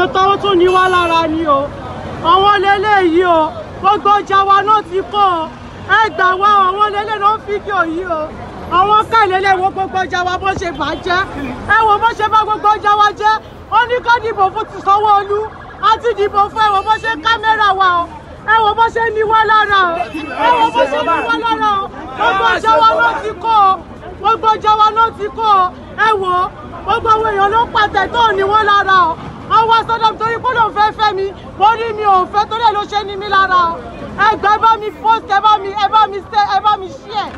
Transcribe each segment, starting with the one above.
àwọn tó tún ní wá lára ni o àwọn lélẹ́yìí o gbogbo ọjà wa náà ti kó o ẹ gbà wá àwọn lélẹ́ ló ń fídíò yìí o àwọn kàlélẹ̀ wo gbogbo ọjà wa bó ṣe bàjẹ́ ẹ wo bó ṣe bá gbogbo ọjà wa jẹ́ ó ní ká dìbò fún ti Sanwó-Olú a ti dìbò fún ẹ wo bó ṣe kámẹ́rà wa o ẹ wo bó ṣe ní wá lára o ẹ wo bó ṣe ní wá lára o gbogbo ọjà wa náà ti kó o gbogbo ọjà wa náà ti kó o ẹ wo gbogbo àwọn èèyàn ló pàtẹ tó ní wọ́n lára o ó wá sọ́dọ̀ mi torí pé lòun fẹ́ fẹ́ mi mo rí mi òun fẹ́ torí ẹ̀ ló ṣe ní mi lára o ẹgbẹ́ bá mi post ẹ bá mi ẹ bá mi ṣe ẹ bá mi share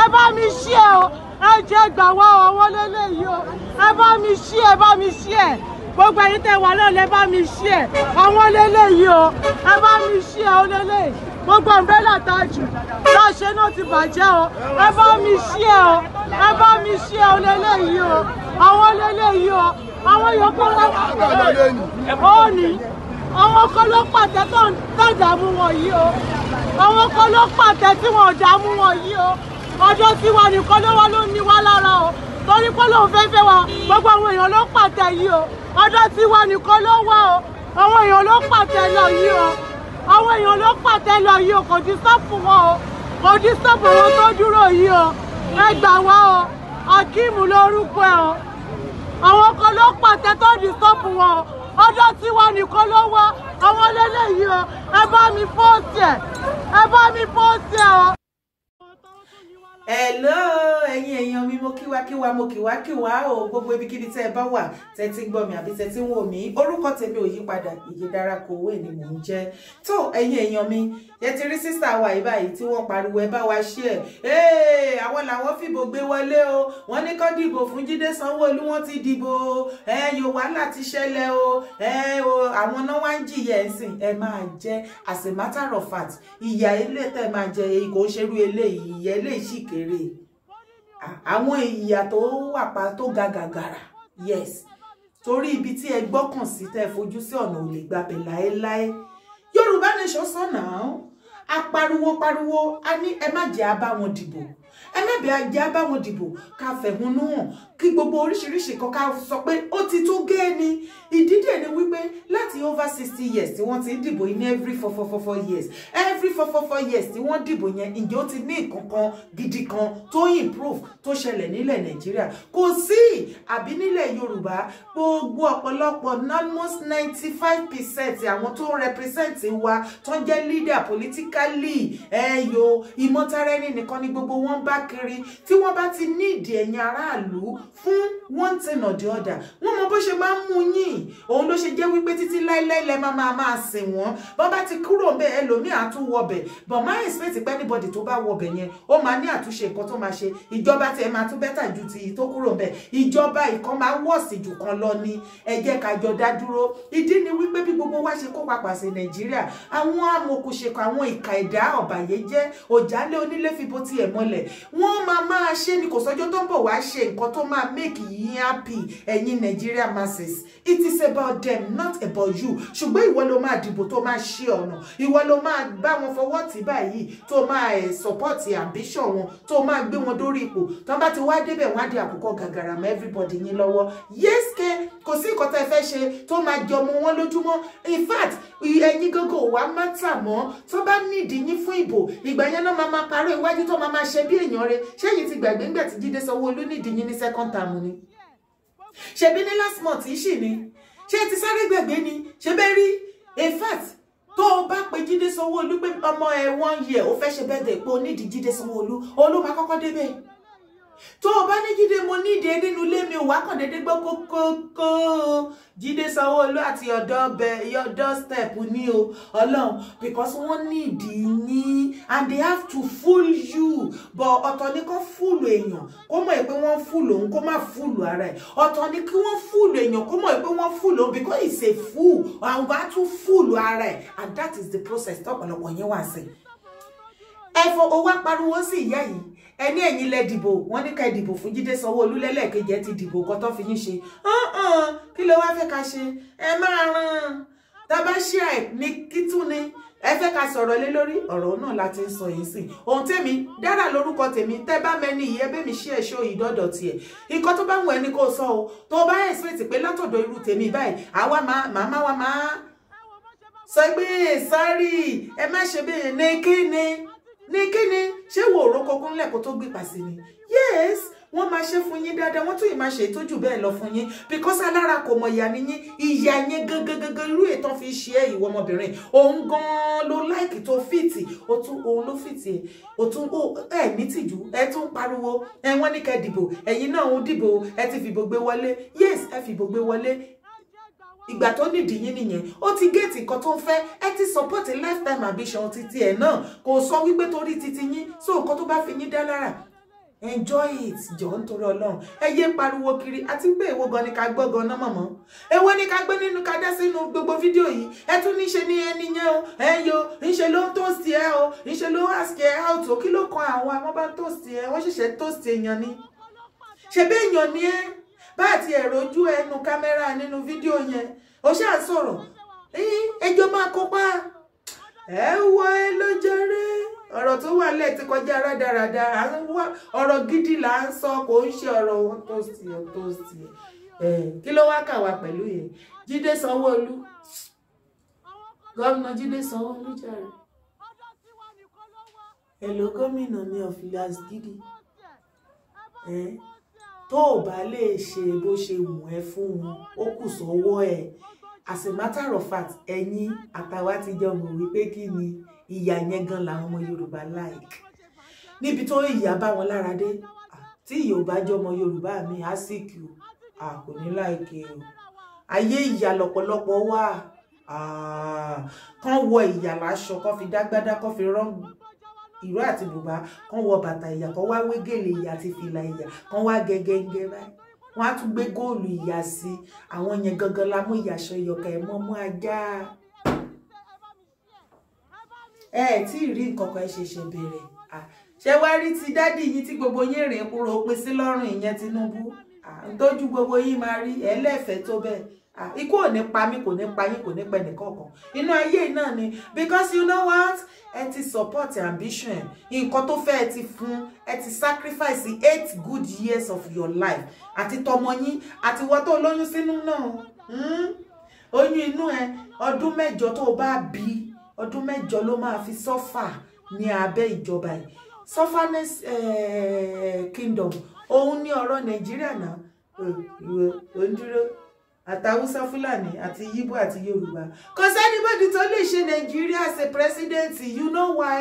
ẹ bá mi share o ẹ jẹ́ gbà wá ọwọ́ lélẹ́yìí o ẹ bá mi share ẹ bá mi share gbogbo ẹ̀yin tẹ́ wà náà bá mi share àwọn lélẹ́yìí o ẹ bá mi share o lélẹ́yìí gbogbo umbrella tá jù tá a ṣe náà ti bàjẹ́ o ẹ bá mi share o ẹ bá mi share o lélẹ́yìí o àwọn lélẹ́yìí o àwọn yòókù ó ní àwọn kan ló pàtẹ tó ń dààmú wọn yìí o àwọn kan ló pàtẹ tí wọn ò dààmú wọn yìí o ọjọ́ tí wọn nìkan ló wá ló ní wá lára o torí pé lóun fẹ́ fẹ́ wa gbogbo àwọn èèyàn ló pàtẹ yìí o ọjọ́ tí wọn nìkan ló wá o àwọn èèyàn ló pàtẹ lọ yìí o àwọn èèyàn ló pàtẹ lọ yìí o kò ti sọ́ọ̀pù wọn o kò ti sọ́ọ̀pù wọn tó dúró yìí o ẹ gbà wá o akíìmù lórúkọ ẹ o àwọn kan ló pàtẹ tó di sọ́ọ̀pù wọn o ọjọ́ tí wọ́n nìkan ló wá àwọn lélẹ́yìí o ẹ bá mi fọ́ọ̀sì ẹ̀ ẹ bá mi fọ́ọ̀sì ẹ̀ o hello ẹ̀yin èèyàn mi mo kíwákíwá mo kíwákíwá o gbogbo ibikíbi tẹ́ ẹ bá wà tẹ́ ti ń mi àbí tẹ́ ti ń wò mí orúkọ tèmi ò yí padà Ìyèdára Kòwé ni mò ń jẹ́ tó ẹ̀yin èèyàn mi yẹ ti rí sísá wa yìí báyìí tí wọ́n pariwo ẹ bá wa ṣe ẹ̀ ẹ́ àwọn làwọn fìbò gbé wọlé o wọ́n ní kọ́ dìbò fún Jídé Sanwó-Olú wọ́n ti dìbò ẹ̀ yóò wá láti ṣẹlẹ̀ o ẹ̀ o àwọn náà wá ń jìyà ẹ̀sìn ẹ máa jẹ́ as a matter of fact ìyà ilé tẹ́ máa jẹ èyí kò ń ṣerú eléyìí ìyà eléyìí ṣìkè rere àwọn ìyà tó wà pa tó ga gàgàrà yes torí ibi tí ẹ gbọ́kàn sí tẹ́ fojú sí ọ̀nà ò lè gbabẹ̀ láéláé yorùbá nation sọ̀nà apariwo pariwo a ní ẹ má jẹ́ abá wọn dìbò ẹ má bẹ ajá bá wọn dìbò ká fẹ̀hónú hàn kí gbogbo oríṣiríṣi kan ká sọ pé ó ti tó gé ni ìdídè ni wípé láti láti over sixty years tí wọ́n ti ń dìbò yìí every four four four four years every four four four years tí wọ́n dìbò yẹn ǹjẹ́ ó ti ní ìkankan gidi kan tó improve tó ṣẹlẹ̀ nílẹ̀ nàìjíríà kò sí àbí nílẹ̀ yorùbá gbogbo ọ̀pọ̀lọpọ̀ almost ninety five percent àwọn tó ń represent wa tó ń jẹ́ leader politically ẹ̀yọ ìmọ̀tara ẹni nìkan ni gbogbo wọn bá kiri tí wọ́n bá ti ní ìdí ẹ̀yìn aráàlú fún one thing or the other wọ́n mọ bó ṣe máa ń mú yín òun ló ṣe jẹ́ wípé títí láíláí lẹ máa máa máa sìn wọ́n bọ́n bá ti kúrò ńbẹ̀ ẹlòmíì á wọbẹ̀ but máa expect pé anybody tó bá wọbẹ̀ yẹn ó máa ní àtúnṣe nǹkan tó máa ṣe ìjọba tiẹ̀ máa tún bẹ́tà ju ti tó kúrò ńbẹ̀ ìjọba ìkan máa wọ̀sì jù kan lọ ni ẹ jẹ́ ká jọ dá dúró ìdí ni wípé bí gbogbo wa ṣe kó papà sí nàìjíríà àwọn amòkùnṣekọ àwọn ìka ẹ̀dá ọ̀bàyéjẹ́ òjálẹ̀ onílé fi bó tiẹ̀ mọ́lẹ̀ wọ́n máa máa ṣe ni kò sọ́jọ́ tó ń bọ̀ wá ṣe nǹkan tó máa make yín happy ẹ̀yin nàìjíríà masses it is about them not about you ṣùgbọ́n ìwọ ló máa dìbò tó máa ṣe ọ̀nà ìwọ ló máa bá wọn fọwọ́ tì báyìí tó máa ẹ̀ eh, support ambition wọn tó máa gbé wọn dórí ipò tó bá ti wá débẹ̀ wọ́n á di àkókò gàgàrà mọ́ everybody yín lọ́wọ́ yéṣke kò sí nǹkan tẹ́ fẹ́ ṣe tó máa jẹ ọmọ wọn lójúmọ́ in fact ẹ̀yin gógó wa máa tà mọ́ tó bá nídìí yín fún ìbò ìgbà yẹn náà máa máa parọ́ iwájú tó máa máa ṣe bí èèyàn rẹ ṣẹ́yìn ti gbàgbé ńgbà tí Jídé Sanwó-Olú nídìí yín ní second term ni ṣebí ní last month yìí sì ni ṣé ti sáré gbẹ̀gbẹ́ ni ṣe bẹ́ẹ̀ rí in fact tó o bá pe Jídé Sanwó-Olú pé ọmọ ẹ one year ó fẹ́ ṣe bẹ́ẹ̀ dẹ̀ pé o nídìí Jídé Sanwó-Olú olú máa kọ́kọ́ débẹ̀ tó o bá ní jíde mo nídìí nínú ilé mi ò wá kàn déédéé gbọ́ kókókó jíde sanwó àti ọ̀dọ́ bẹ ọ̀dọ́ step ní o ọlọ́run because wọ́n nídìí yín and they have to fool you but ọ̀tọ̀ ni kán fúlù èèyàn kó mọ̀ pé wọ́n fúlù òun kó má fúlù ara ẹ̀ ọ̀tọ̀ ni kí wọ́n fúlù èèyàn kó mọ̀ pé wọ́n fúlù òun because he's a fool àwọn bá tún fúlù ara ẹ̀ and that is the process tọ́pọ̀lọpọ̀ yẹn wà sí ẹ̀fọ́ owó apariwo sí ìyá yìí ẹni ẹ̀yin lẹ dìbò wọ́n ní ká ẹ dìbò fún Jídé Sanwó-Olú lẹ́lẹ́kejì ẹ ti dìbò kan tó fi yín ṣe kí ló wá fẹ́ ká ṣe ẹ máa ràn tábà ṣíà ẹ ní kítún ni ẹ fẹ́ ká sọ̀rọ̀ lé lórí ọ̀rọ̀ náà láti ń sọ yìí sí ohun tèmi dára lórúkọ tèmi tẹ́ bá mẹ́ni ìyẹ́ bẹ́mi ṣí ẹ̀ṣọ́ ìdọ́dọ̀ tiẹ̀ nǹkan tó bá wù ẹni kó sọ o tó bá ẹ̀sìrìtì pé látọ̀dọ̀ irú tèmi báyìí àwa màmá wa máa sọ pé sáré ẹ má ṣe bẹ́ẹ̀ ní kí ni ní kíni ṣé wo òrókogún lẹ́kọ̀ọ́ tó gbìpà sí ni yes wọ́n máa ṣe fún yín dáadáa wọ́n tún yìí máa ṣe ìtọ́jú bẹ́ẹ̀ lọ fún because alara kò mọ ìyá ni yín ìyá yẹn gangan irú ètò fi ṣe é ìwọ ọmọbìnrin òun gan-an o láìkì tó fìtì òun ló fìtì ẹ̀ òtún ẹ̀ ní tìjú ẹ̀ tún pariwo ẹ̀ wọ́n ní kẹ́ dìbò ẹ̀yin náà ń dìbò ẹ̀ ti fìbò gbé wọlé yes ẹ̀ fìbò gbé wọlé ìgbà tó nídìí yín nìyẹn ó ti géètì nǹkan tó ń fẹ́ ẹ ti support lifetime ambition títí ẹ̀ náà kò sọ wípé torí títí yín so nǹkan tó bá fi yín dá lára enjoy it jọ nítorí Ọlọ́run ẹ yé pariwo kiri àti pé èwo gan ni ká gbọ́ gan náà mọ̀mọ́ èwo ni ká gbé nínú ká dá sínú gbogbo fídíò yìí ẹ tún níṣe ní ẹni yẹn o ẹ yo níṣe ló ń tòsí ẹ o níṣe ló ń ask ẹ out o kí ló kan àwọn amọ́ bá ń tòsí ẹ wọ́n ṣẹ̀ṣẹ̀ tòsí èèyàn ni ṣebí èèyàn ni ẹ́ bá àti ẹ̀rọ ojú ẹnu kámẹ́rà nínú fídíò yẹn ó ṣáà sọ̀rọ̀ ẹjọ́ máa kópa ẹ wọ ẹ ọ̀rọ̀ tó wà lẹ́ẹ̀ ti kọjá rádaràda ọ̀rọ̀ gidi là ń sọ kò ń ṣe ọ̀rọ̀ tó sì ọ̀ tó sì kí ló wá kà wá pẹ̀lú yẹn gidi. tó o bá lè ṣe bó ṣe wù ẹ́ fún un ó kù sọ́wọ́ ẹ̀ as a matter of fact ẹ̀yin àtàwa ti jọ mọ̀ wípé kí ni ìyá yẹn gan làwọn ọmọ Yorùbá like níbi tó ìyá bá wọn lára dé tí ìyá ò bá jọ ọmọ Yorùbá mi á sì kì ó a kò ní láìkè e o ayé ìyà lọ́pọ̀lọpọ̀ wà kán wọ ìyà láṣọ kán fi dágbádá kán fi rán ìró àti bùbá kán wọ bàtà ìyà kán wá wé gèlè ìyà àti fìlà ìyà kán wá gẹgẹngẹ báyìí wọn á tún gbé góòlù ìyà sí àwọn yẹn gangan la mú ìyàṣọ ìyọkà ẹ mọmọ ajá ẹ tí ì rí nǹkan kan ẹ ṣẹ̀ṣẹ̀ bẹ̀rẹ̀ ṣé wá rí ti dádì yìí tí gbogbo yín rìn kúrò pín sí lọ́rùn ìyẹn Tinubu à ń tọ́jú gbogbo yín máa rí ẹlẹ́fẹ̀ẹ́ tó bẹ́ẹ̀ ikú ò ní pa mí kò ní pa yín kò ní pa ẹnìkọ̀ọ̀kan inú ayé náà ni because you know what ẹ ti support ambition nǹkan tó fẹ́ ẹ ti fún ẹ ti sacrifice eight good years of your life àti tọmọ yín àti wọ́n tó lóyún sínú náà hmm? oyún inú ẹ ọdún mẹ́jọ tó o bá bí ọdún mẹ́jọ ló máa fi sọ́fà ní abẹ́ ìjọba yìí sufferness eh, kingdom òun ní ọ̀rọ̀ nàìjíríà náà òǹdúró àtàwùsá fúlàní àti yíbò àti yorùbá cause anybody tó lè ṣe nigeria as a president you know why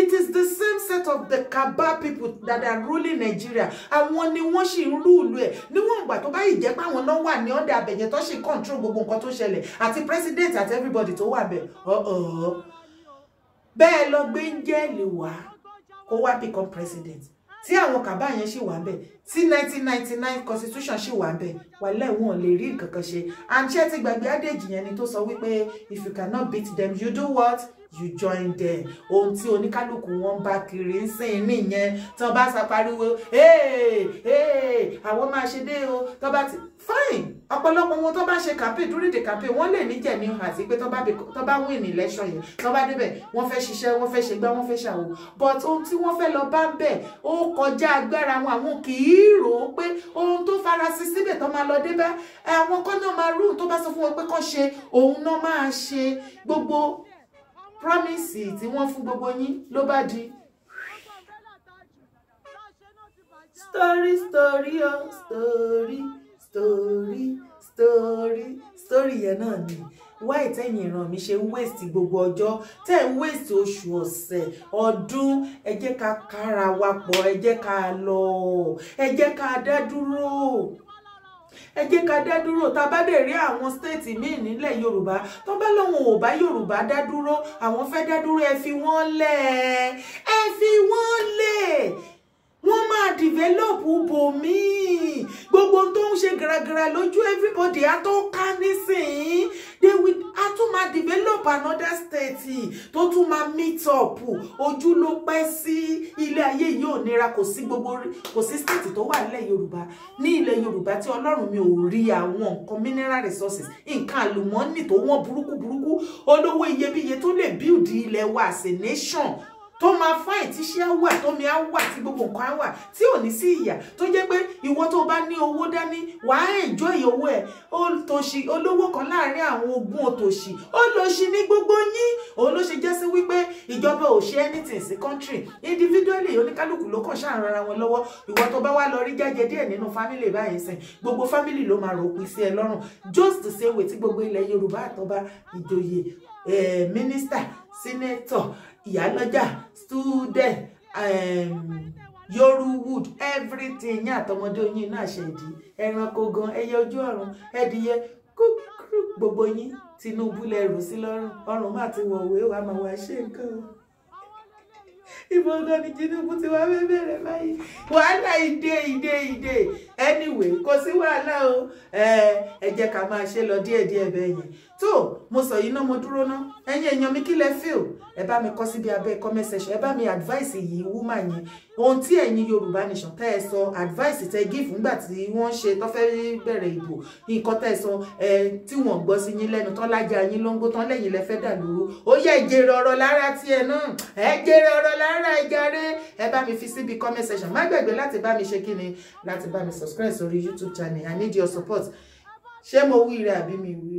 it is the same set of the kaba people that are ruling nigeria àwọn ni wọ́n sì ń rúùlù ẹ̀ níwọ̀n ìgbà tó bá yìí jẹ́ pé àwọn náà wà ní ọ̀dà abẹ̀yẹ tó sì control gbogbo nǹkan tó ṣẹlẹ̀ àti president àti everybody tó wà bẹ̀ ọ̀ọ́ bẹ́ẹ̀ lọ gbé ń jẹ́ ìlú wa kó wá become president tí àwọn kàbá yẹn ṣì wà bẹ́ẹ̀ tí nineteen constitution ṣì wà bẹ́ẹ̀ wàlẹ́ wọn lè rí nǹkan kan ṣe àǹṣẹ́ ti gbàgbé adéjì yẹn ni tó sọ wípé if you cannot beat them you do what you join them ohun tí oníkálukú wọn bá kiri ń sìn nìyẹn tí wọn bá sa hey. ee ee àwọn máa ṣe dé o tí bá ti fine ọ̀pọ̀lọpọ̀ wọn tó bá ṣe campaign during the campaign wọ́n lè níjẹ̀ ní àti pé tó bá win election yẹn tó bá débẹ̀ wọ́n fẹ́ ṣiṣẹ́ wọ́n fẹ́ ṣe gbá wọ́n fẹ́ ṣàwò but ohun tí wọ́n fẹ́ lọ bá ń bẹ̀ ó kọjá agbára wọn àwọn kì í rò ó pé ohun tó farasin síbẹ̀ tó máa lọ débẹ̀ àwọn kan náà máa rú tó bá sọ fún wọn pé kán ṣe òun náà máa ṣe gbogbo promise tí wọ́n fún gbogbo yín ló bá di story story oh story story story story yẹn náà ni Why tẹ́yìn ìran mi ṣe ń waste gbogbo ọjọ́ tẹ́ ń wéèsì oṣù ọ̀sẹ̀ ọdún ẹ jẹ́ ká kára wa pọ̀ ẹ jẹ́ ká lọ ẹ jẹ́ ká dá dúró ẹ jẹ́ ká dá dúró tá a bá dẹ̀ rí àwọn stéètì míì nílẹ̀ yorùbá tó bá lóun ò bá yorùbá dá dúró àwọn fẹ́ dá dúró ẹ fi wọ́n lẹ̀ ẹ fi wọ́n lẹ̀ wọ́n máa develop bòmíì gbogbo tó ń ṣe gàràgàrà lójú everybody á tó ká nísìnyí they will á máa develop another state tó tún máa meet up ojú ló pẹ́ sí ilé ayé yìí ò nira kò sí gbogbo kò sí state tó wà nílẹ̀ Yorùbá ní ilẹ̀ Yorùbá tí Ọlọ́run mi ò rí àwọn nǹkan mineral resources nǹkan àlùmọ́ọ́nì tó wọ́n burúkú burúkú olówó iyebíye tó lè build ilẹ̀ wa as a nation tó máa fáìn tí ṣé á wà tómi á wà tí gbogbo nǹkan á wà tí ò ní sí ìyà tó jẹ́ pé ìwọ tó bá ní owó dání wàá enjoy owó ẹ̀ òtòṣì olówó kan láàrin àwọn ogún òtòṣì ó lọ ṣì ní gbogbo yín òun ló ṣe jẹ́ sí wípé ìjọba ò ṣe anything sí country individually oníkálukú ló kàn ṣàrùn ara wọn lọ́wọ́ ìwọ tó bá wá lọ rí jájẹ díẹ̀ nínú fámìlì báyìí sìn gbogbo family. ló máa ròpin sí ẹ lọ́rùn just the same way tí gbogbo ilẹ̀ Yorùbá àtọ́ba ìjòyè eh, minister. senator ìyálọ́jà student um, yoruwood everything yín àtọmọdé oyin náà ṣẹ̀dí ẹranko gan ẹyẹ ojú ọ̀run ẹdìyẹ kúkúrú Tinubu lẹ sí lọ́rùn ọrùn má ti wọ̀wé wa máa wá ṣe nǹkan o ìbò gan ni Tinubu ti wá fẹ́ báyìí wàhálà ìdè ìdè ìdè anyway kò sí wàhálà o ẹ jẹ ká máa ṣe lọ díẹ̀díẹ̀ tó mo sọ yìí ná mo dúró ná ẹ̀yin èèyàn mi kí lẹ feel ẹ bá mi kọ síbi abẹ́ comment section ẹ bá mi advice yìí wúmà yẹn ohun tí ẹ̀yin Yorùbá Nation tẹ́ ẹ sọ advice tẹ́ give nígbà tí wọ́n ṣe tó fẹ́ bẹ̀rẹ̀ ìbò nǹkan tẹ́ ẹ sọ ẹ tí wọ́n gbọ́ sí yín lẹ́nu tán lájà yín ló ń gbó tán lẹ́yìn lẹ fẹ́ dà lóru ó yẹ ìjèrè ọ̀rọ̀ lára tiẹ̀ náà ẹ jèrè ọ̀rọ̀ lára ìjàre ẹ bá mi fi síbi comment section má gbàgbé láti bá mi ṣe kí ni láti bá mi subscribe sórí YouTube channel I need your support ṣé mo wí rẹ àbí mi wí